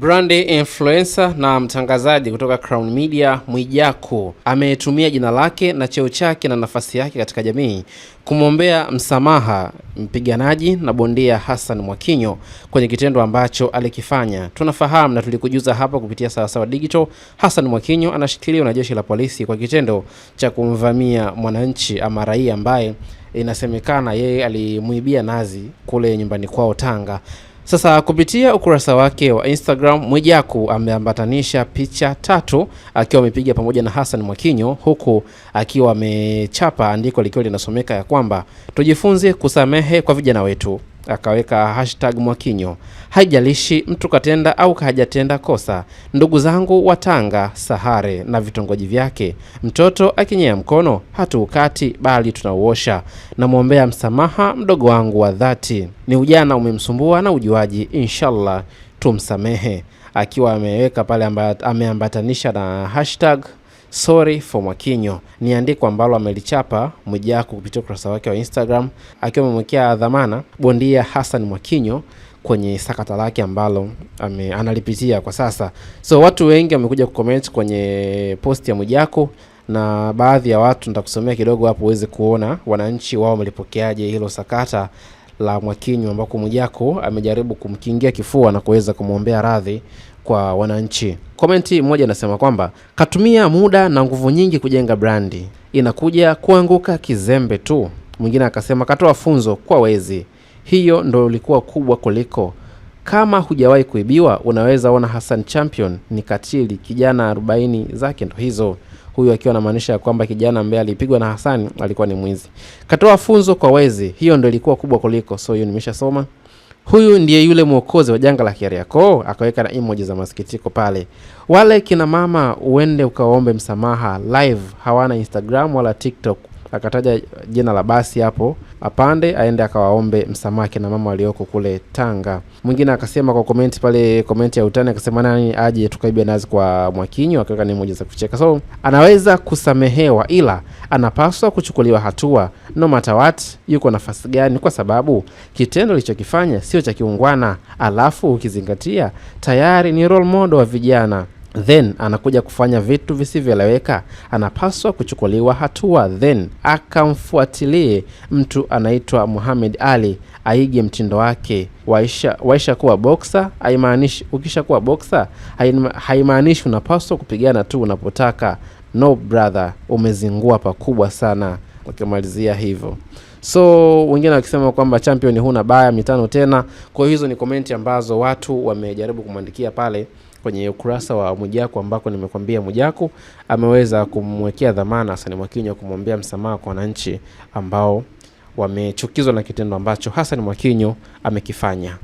brandi influencer na mtangazaji kutoka Crown Media Mwijaku ametumia jina lake na cheo chake na nafasi yake katika jamii kumwombea msamaha mpiganaji na bondia Hassan Mwakinyo kwenye kitendo ambacho alikifanya. Tunafahamu na tulikujuza hapa kupitia Sawasawa Digital, Hassan Mwakinyo anashikiliwa na jeshi la polisi kwa kitendo cha kumvamia mwananchi ama raia ambaye inasemekana yeye alimuibia nazi kule nyumbani kwao Tanga. Sasa kupitia ukurasa wake wa Instagram, Mwijaku ameambatanisha picha tatu akiwa amepiga pamoja na Hassan Mwakinyo, huku akiwa amechapa andiko likiwa linasomeka ya kwamba tujifunze kusamehe kwa vijana wetu. Akaweka hashtag Mwakinyo, haijalishi mtu katenda au kahajatenda kosa, ndugu zangu wa Tanga, Sahare na vitongoji vyake, mtoto akinyea mkono hatuukati bali tunauosha. Namwombea msamaha mdogo wangu wa dhati, ni ujana umemsumbua na ujuaji, inshallah tumsamehe. Akiwa ameweka pale ameambatanisha na hashtag sorry for Mwakinyo ni andiko ambalo amelichapa Mwijaku kupitia ukurasa wake wa Instagram akiwa amemwekea dhamana bondia Hassan Mwakinyo kwenye sakata lake ambalo ame, analipitia kwa sasa. So watu wengi wamekuja kucomment kwenye post ya Mwijaku na baadhi ya watu nitakusomea kidogo hapo uweze kuona wananchi wao wamelipokeaje hilo sakata la Mwakinyo ambako Mwijaku amejaribu kumkingia kifua na kuweza kumwombea radhi kwa wananchi. Komenti mmoja inasema kwamba katumia muda na nguvu nyingi kujenga brandi, inakuja kuanguka kizembe tu. Mwingine akasema katoa funzo kwa wezi, hiyo ndo ilikuwa kubwa kuliko kama hujawahi kuibiwa unaweza ona Hassan Champion ni katili, kijana 40 zake ndo hizo. Huyu akiwa anamaanisha ya kwamba kijana ambaye alipigwa na Hassan alikuwa ni mwizi. Katoa funzo kwa wezi, hiyo ndo ilikuwa kubwa kuliko. So hiyo nimeshasoma huyu ndiye yule mwokozi wa janga la Kariakoo, akaweka na imoji za masikitiko pale. Wale kina mama uende ukawaombe msamaha live, hawana Instagram wala TikTok, akataja jina la basi hapo apande aende akawaombe msamaki na mama walioko kule Tanga. Mwingine akasema kwa komenti pale, komenti ya utani akasema nani aje tukaibia nazi kwa Mwakinyo, akaweka ni moja za kucheka. So anaweza kusamehewa, ila anapaswa kuchukuliwa hatua no matter what, yuko nafasi gani, kwa sababu kitendo lichokifanya sio cha kiungwana, alafu ukizingatia tayari ni role model wa vijana then anakuja kufanya vitu visivyoeleweka, anapaswa kuchukuliwa hatua, then akamfuatilie mtu anaitwa Muhammad Ali, aige mtindo wake. Waisha, waisha kuwa boksa haimaanishi ukisha kuwa boksa haimaanishi unapaswa kupigana tu unapotaka. No brother, umezingua pakubwa sana, ukimalizia hivyo so wengine wakisema kwamba champion huna baya mitano tena. Kwa hiyo hizo ni komenti ambazo watu wamejaribu kumwandikia pale kwenye ukurasa wa Mwijaku ambako nimekwambia Mwijaku ameweza kumwekea dhamana Hassan Mwakinyo kumwambia msamaha kwa wananchi ambao wamechukizwa na kitendo ambacho Hassan Mwakinyo amekifanya.